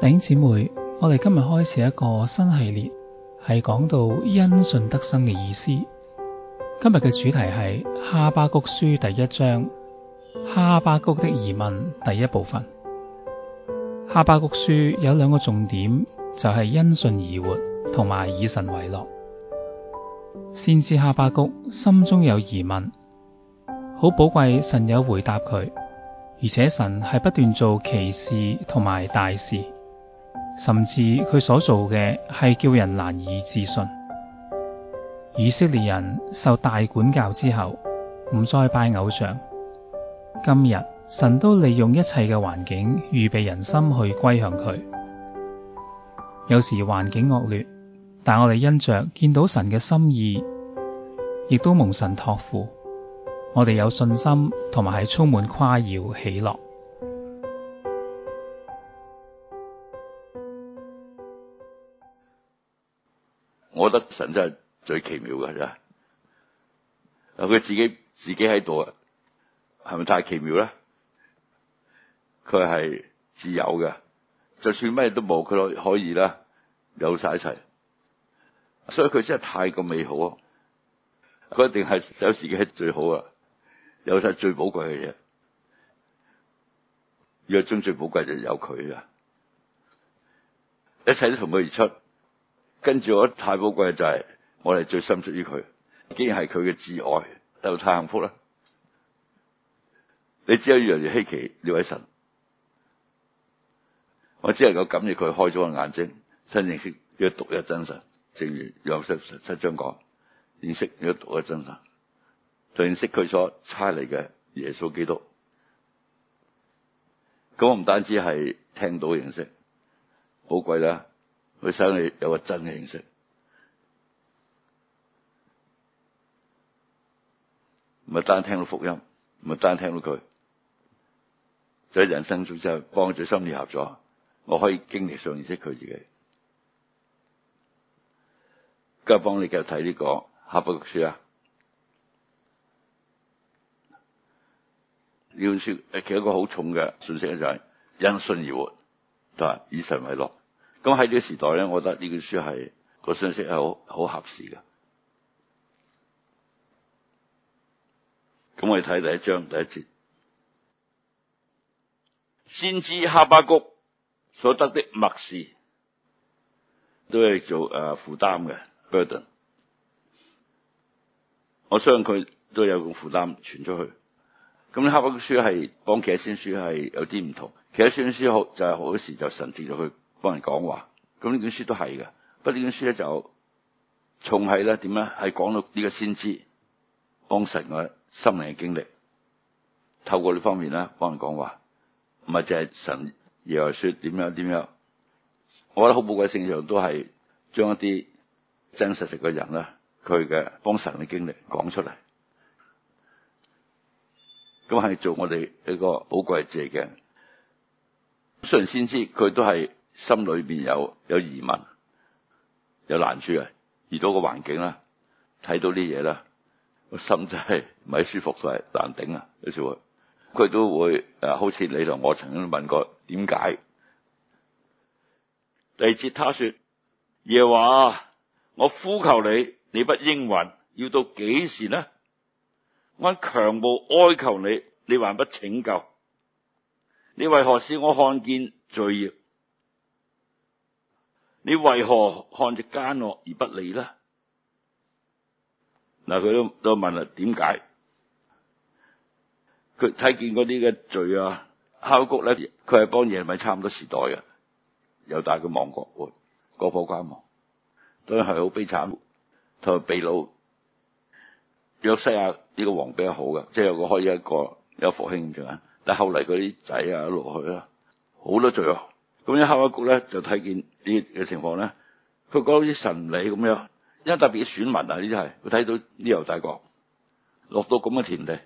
弟兄姊妹，我哋今日開始一個新系列，係講到因信得生嘅意思。今日嘅主題係《哈巴谷書》第一章，《哈巴谷的疑問》第一部分。《哈巴谷書》有兩個重點，就係、是、因信而活，同埋以神為樂。先知哈巴谷心中有疑問，好寶貴，神有回答佢，而且神係不斷做奇事同埋大事。甚至佢所做嘅係叫人難以置信。以色列人受大管教之後，唔再拜偶像。今日神都利用一切嘅環境預備人心去歸向佢。有時環境惡劣，但我哋因着見到神嘅心意，亦都蒙神托付，我哋有信心同埋係充滿誇耀喜樂。我覺得神真係最奇妙嘅，咋？佢自己自己喺度啊，係咪太奇妙咧？佢係自由嘅，就算乜嘢都冇，佢可可以啦，有晒一齊，所以佢真係太過美好啊。佢一定係有自己係最好啊，有晒最寶貴嘅嘢。宇宙中最寶貴係有佢啦，一切都從佢而出。跟住我覺得太寶貴就係我哋最深出於佢，既然係佢嘅至愛，就太幸福啦！你只有越嚟越稀奇呢位神，我只能夠感謝佢開咗個眼睛，先認識嘅獨一真神。正如《約瑟十七章》講，認識嘅獨一真神，就認識佢所差嚟嘅耶穌基督。咁我唔單止係聽到認識，好貴啦～去使你有個真嘅認識，唔係單聽到福音，唔係單聽到佢，就喺人生組幫幫助心理合作，我可以經歷上認識佢自己。今日幫你繼續睇呢，這個哈巴谷書啊，呢本其中一個好重嘅信息就係、是、因信而活，同埋以神為樂。咁喺呢個時代咧，我覺得呢本書係個信息係好好合時嘅。咁我哋睇第一章第一節，先知哈巴谷所得的默示都係做、呃、負擔嘅 burden。我相信佢都有個負擔傳出去。咁哈巴谷書係幫其他先書係有啲唔同，其他先書好就係好多時就神接咗去。幫人講話，咁呢本書都係嘅，不過呢本書咧就重係咧點咧，係講到呢個先知幫神嘅心靈嘅經歷，透過呢方面咧幫人講話，唔係淨係神耶和華說點樣點樣，我覺得好寶貴。聖上都係將一啲真實實嘅人咧，佢嘅幫神嘅經歷講出嚟，咁係做我哋呢個寶貴嘅借嘅。雖然先知佢都係。心裏邊有有疑問，有難處啊！遇到個環境啦，睇到啲嘢啦，個心真係唔係舒服曬，所以難頂啊！有時候會，佢都會好似你同我曾經問過點解？第二節，他說：耶和華，我呼求你，你不應允，要到幾時呢？我強暴哀求你，你還不拯救？你為何使我看見罪孽？你為何看着奸惡而不理呢？嗱，佢都都問啦，點解？佢睇見嗰啲嘅罪啊，哈巴谷咧，佢係幫耶利米差唔多時代啊，又帶佢亡國，國破家亡，都係好悲慘。同埋秘魯約西亞呢個王比較好嘅，即係有個開咗一個有復興嘅，但後後嚟嗰啲仔啊一路去啦，好多罪啊！咁樣哈巴谷咧就睇見呢嘅情況咧，佢講啲神理咁樣，因為特別啲選民啊，呢啲係佢睇到呢頭大國落到咁嘅田地，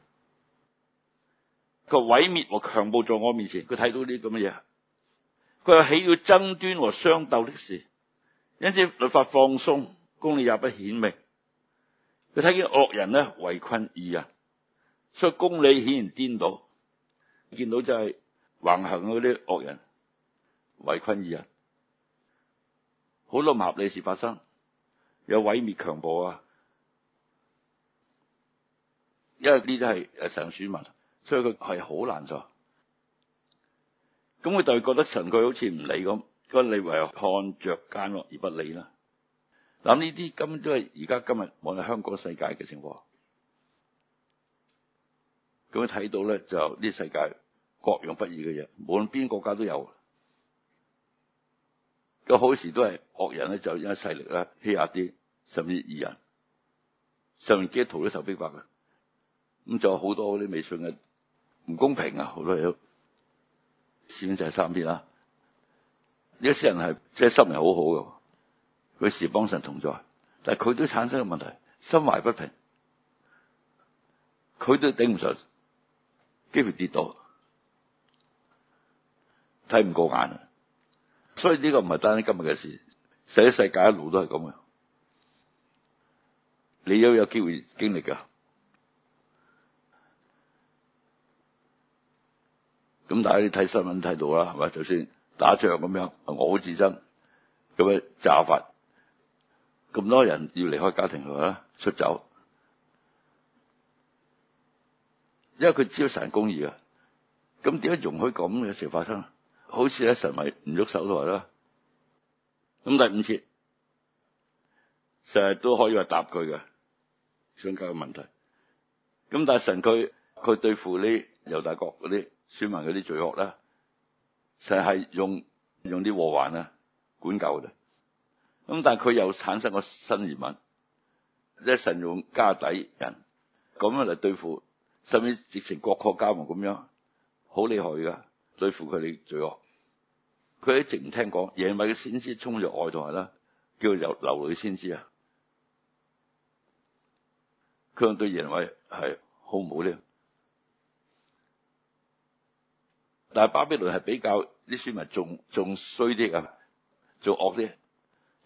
佢毀滅和強暴在我面前，佢睇到呢啲咁嘅嘢，佢又起了爭端和相鬥的事，因此律法放鬆，公理也不顯明。佢睇見惡人咧圍困義人，所以公理顯然顛倒，見到就係橫行嗰啲惡人。圍困義人，好多不合理事發生，有毀滅強暴啊！因為呢啲係誒上選民，所以佢係好難受。咁佢就覺得神佢好似唔理咁，佢話你為何看着奸惡而不理啦。嗱，呢啲根本都係而家今日我哋香港世界嘅情況。咁樣睇到咧，就呢世界各樣不義嘅嘢，無論邊個國家都有。都好多時都係惡人咧，就因勢力咧欺壓啲，甚至義人，上面基督徒都受迫害嘅。咁仲有好多啲迷信嘅唔公平啊，多面好多嘢。就係三篇啦，有啲人係即係心靈好好嘅，佢是幫神同在，但係佢都產生嘅問題，心懷不平，佢都頂唔順，幾乎跌倒，睇唔過眼。所以呢個唔係單單今日嘅事，世世界，一路都係咁嘅。你要有機會經歷噶？咁大家你睇新聞睇到啦，係咪？就算打仗咁樣，我好自珍咁樣炸法，咁多人要離開家庭係咪啊？出走，因為佢招神公義啊。咁點解容許咁嘅事發生？好似咧，神咪唔喐手度啦，咁第五節成日都可以話答佢嘅想屆嘅問題，咁但係神佢佢對付呢猶大國嗰啲選民嗰啲罪惡咧，成日係用用啲禍患啊，管教嘅。咁但係佢又產生個新疑問，即係神用家底人咁樣嚟對付，甚至直情國破家亡咁樣，好厲害噶對付佢哋罪惡。佢一直唔聽講，耶利米嘅先知充入外在啦，叫流流淚先知啊。佢問對耶利米係好唔好咧？但係巴比倫係比較啲選民仲仲衰啲啊，仲惡啲，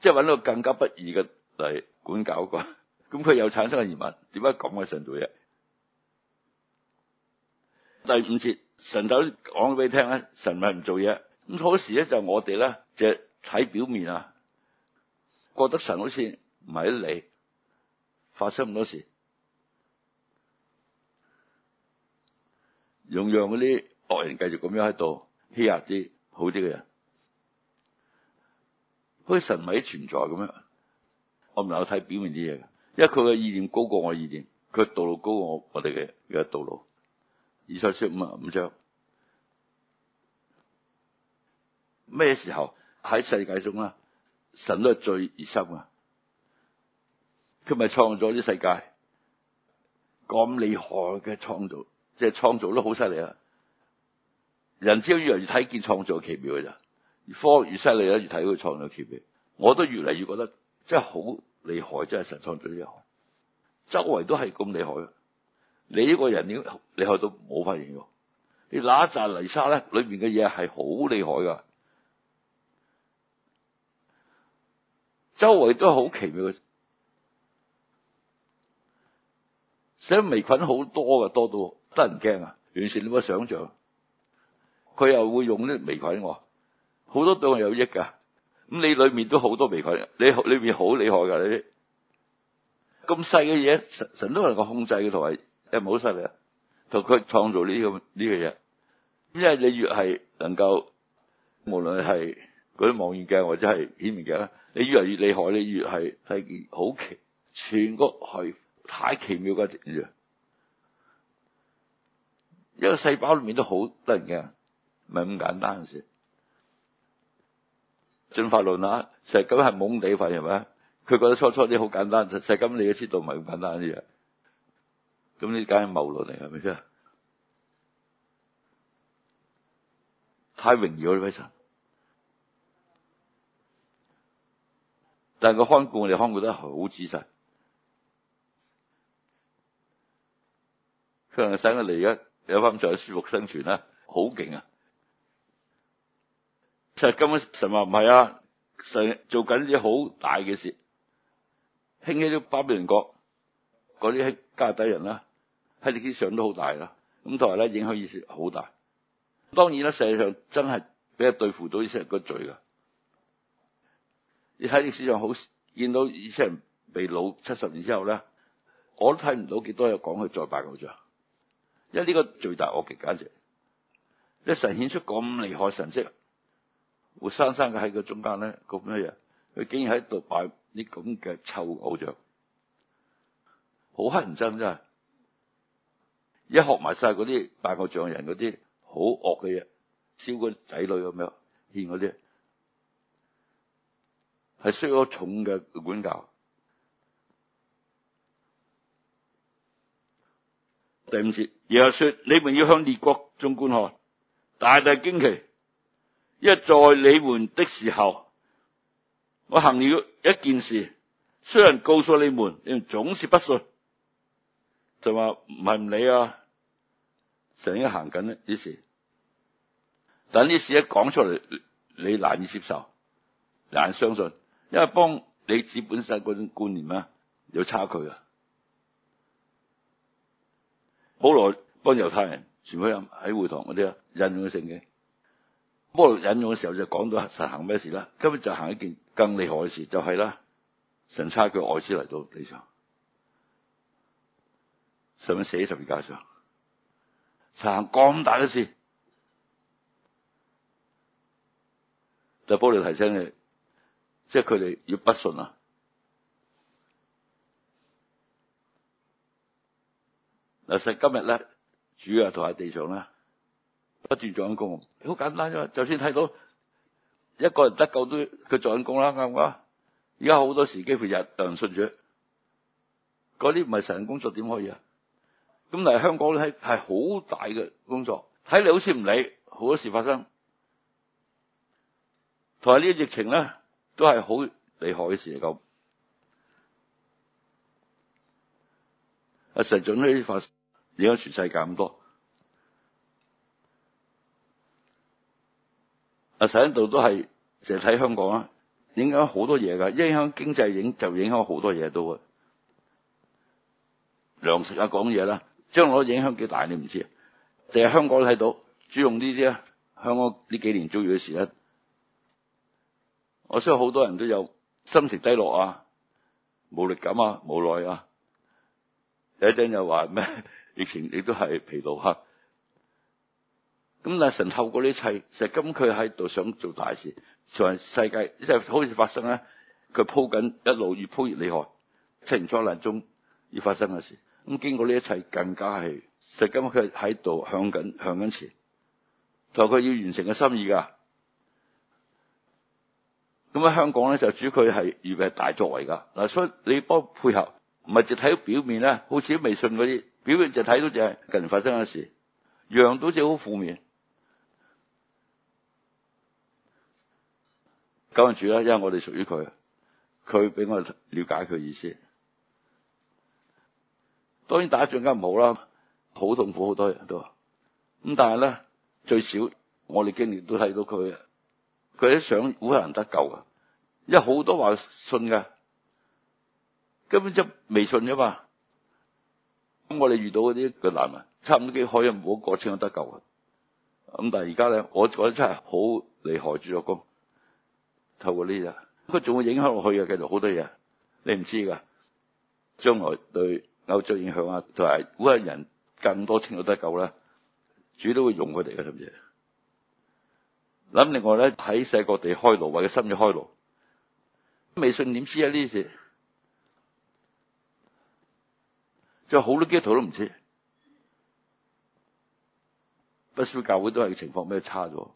即係揾到一個更加不義嘅嚟管教佢。咁佢又產生嘅疑問：點解咁嘅神做嘢？第五節，神就講俾你聽啦，神唔係唔做嘢。咁好時呢，咧，就我哋咧，就睇表面啊，覺得神好似唔喺你，發生咁多事，用讓嗰啲惡人繼續咁樣喺度欺壓啲好啲嘅人，好似神唔存在咁樣。我唔能夠睇表面啲嘢，因為佢嘅意念高過我意念，佢道路高過我我哋嘅嘅道路。二七章五五章。咩時候喺世界中啦？神都係最熱心啊！佢咪創造啲世界咁厲害嘅創造，即係創造得好犀利啊！人只要越嚟越睇見創造的奇妙嘅咋，越科學越犀利咧，越睇佢創造的奇妙。我都越嚟越覺得真係好厲害，真係神創造呢一行，周圍都係咁厲害。你呢個人點？你去到冇發現㖏？你揦一扎泥沙咧，裏面嘅嘢係好厲害噶。周圍都好奇妙嘅，所以微菌好多㗎，多到得人驚啊！完全你冇想象，佢又會用啲微菌，我好多對我有益噶。咁你裏面都好多微菌，你裏面好厲害噶。咁細嘅嘢，神神都能夠控制嘅，同埋係咪好犀利啊？同佢創造呢個呢個嘢。咁因為你越係能夠，無論係嗰啲望遠鏡或者係顯微鏡。你越嚟越厲害，你越係係好奇，全國係太奇妙嘅一樣。一個細胞裏面都好得人驚，唔係咁簡單嘅事。進化論啊，細菌係懵地發現咪？佢覺得初初啲好簡單，細菌你都知道唔係咁簡單嘅嘢。咁你梗係謬論嚟，係咪先？太榮耀啦，威神！但個看顧我哋看顧得好仔細，佢能夠使嚟，哋而有翻咁舒服生存啦，好勁啊！其實根本神話唔係啊，神做緊啲好大嘅事，興起咗巴比倫國嗰啲迦勒底人啦，喺歷史上都好大啦。咁同埋咧影響意識好大，當然啦，世界上真係比較對付到呢啲人個罪噶。你睇歷史上好見到以前人被擄，七十年之後咧，我都睇唔到幾多嘢，講佢再拜偶像，因為呢個最大惡極簡直，啲神顯出咁厲害神蹟，活生生嘅喺個中間咧，咁乜嘢？佢竟然喺度拜啲咁嘅臭偶像，好乞人憎真係，而家學埋晒嗰啲拜偶像人嗰啲好惡嘅嘢，燒個仔女咁樣獻嗰啲。係需要重嘅管教。第五節，耶和華說：你們要向列國中觀看，大大驚奇，因為在你們的時候，我行了一件事，雖然告訴你們，你們總是不信，就話唔係唔理啊，成日行緊呢啲事，等啲事一講出嚟，你難以接受，難相信。因為幫你子本身嗰種觀念啊，有差距啊。保羅幫猶太人全部人喺會堂嗰啲啊引用嘅聖經，保羅引用嘅時候就講到實行咩事啦。今日就行一件更厲害嘅事，就係啦，神差佢外子嚟到地上，上面寫十字架上，實行咁大嘅事，就幫你提醒你。即係佢哋要不信啦、啊。嗱，其實今日咧，主要係同喺地上呢，不斷做緊工，好簡單啫。就算睇到一個人得救都，都佢做緊工啦，啱唔啱？而家好多時，幾乎日日信住嗰啲唔係人工作點可以啊？咁但係香港咧，係好大嘅工作，睇你好似唔理，好多事發生，同埋呢個疫情咧。.都係好厲害嘅事嚟噶，阿準仲可以發生影響全世界咁多，阿成度都係成日睇香港啦，影響好多嘢噶，影響經濟，影響就影響好多嘢都會，糧食啊講嘢啦，將來影響幾大你唔知，淨係香港睇到，主用呢啲啦，香港呢幾年遭遇嘅事啦。我相信好多人都有心情低落啊、無力感啊、無奈啊，有一陣又話咩疫情亦都係疲勞吓、啊。咁但神透過呢一切，就今佢喺度想做大事，係世界即係好似發生咧，佢鋪緊一路越鋪越厲害，七年災難中要發生嘅事。咁經過呢一切，更加係就今佢喺度向緊向緊前，就佢要完成嘅心意噶。咁喺香港咧，就主佢係預備大作為噶嗱，所以你幫配合，唔係淨睇表面咧，好似微信嗰啲表面就睇到就係近年發生嘅事，讓到只好負面，跟住啦，因為我哋屬於佢，佢俾我哋了解佢意思，當然打仗梗係唔好啦，好痛苦好多人都，咁但係咧最少我哋經歷都睇到佢佢一想古乞人得救啊！因為好多話信嘅，根本就未信啫嘛。咁我哋遇到嗰啲嘅男人，差唔多幾海唔好國清都得救啊！咁但係而家咧，我覺得真係好厲害，主作工透過呢啲，佢仲會影響落去啊！繼續好多嘢，你唔知噶，將來對歐洲影響啊，同埋古乞人更多清咗得救咧，主都會用佢哋嘅乜嘢。諗另外咧，喺世界各地開路，或佢心要開路。未信點知啊呢事？就好多基督徒都唔知，不少教會都係情況咩差咗，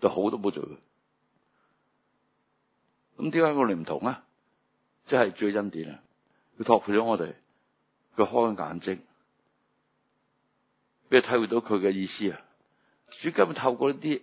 就好都冇做嘅。咁點解我哋唔同啊？即係最恩典啊！佢托付咗我哋，佢開眼睛，俾你體會到佢嘅意思啊！主根本透過一啲。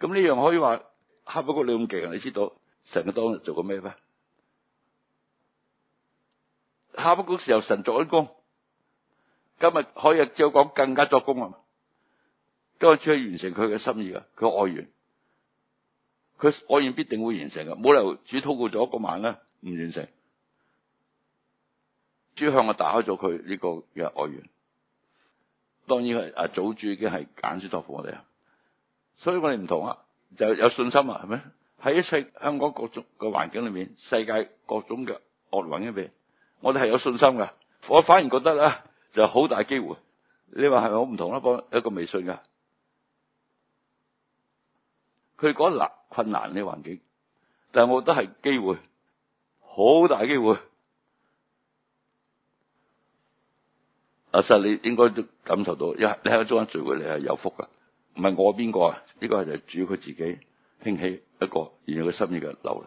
咁呢樣可以話，哈巴谷你咁勁啊！你知道神佢當日做過咩咩？哈巴谷時候神作工，今日可以照講更加作工啊！今日出去完成佢嘅心意佢愛願，佢愛願必定會完成。冇理由主禱告咗嗰晚咧唔完成，主向我打開咗佢呢個嘅外願。當然係啊，祖主已經係揀選託付我哋啊。所以我哋唔同啊，就有信心啊，係咪？喺一切香港各種嘅環境裏面，世界各種嘅惡運入面，我哋係有信心噶。我反而覺得咧，就好大機會。你話係咪好唔同啦？幫一個微信噶，佢講立困難啲環境，但係我覺得係機會，好大機會。阿生，你應該都感受到，因你喺中間聚會，你係有福噶。唔係我邊個啊？呢個係就主要佢自己興起一個，然後佢心意嘅流嚟，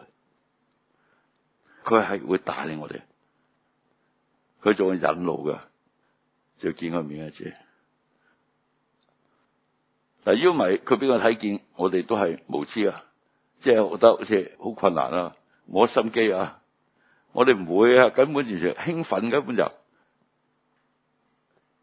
佢係會帶領我哋，佢仲會引路嘅，就見佢面一次。嗱，要唔係佢畀我睇見，我哋都係無知啊，即係覺得好似好困難啊，冇乜心機啊，我哋唔會啊，根本完全是興奮根本就。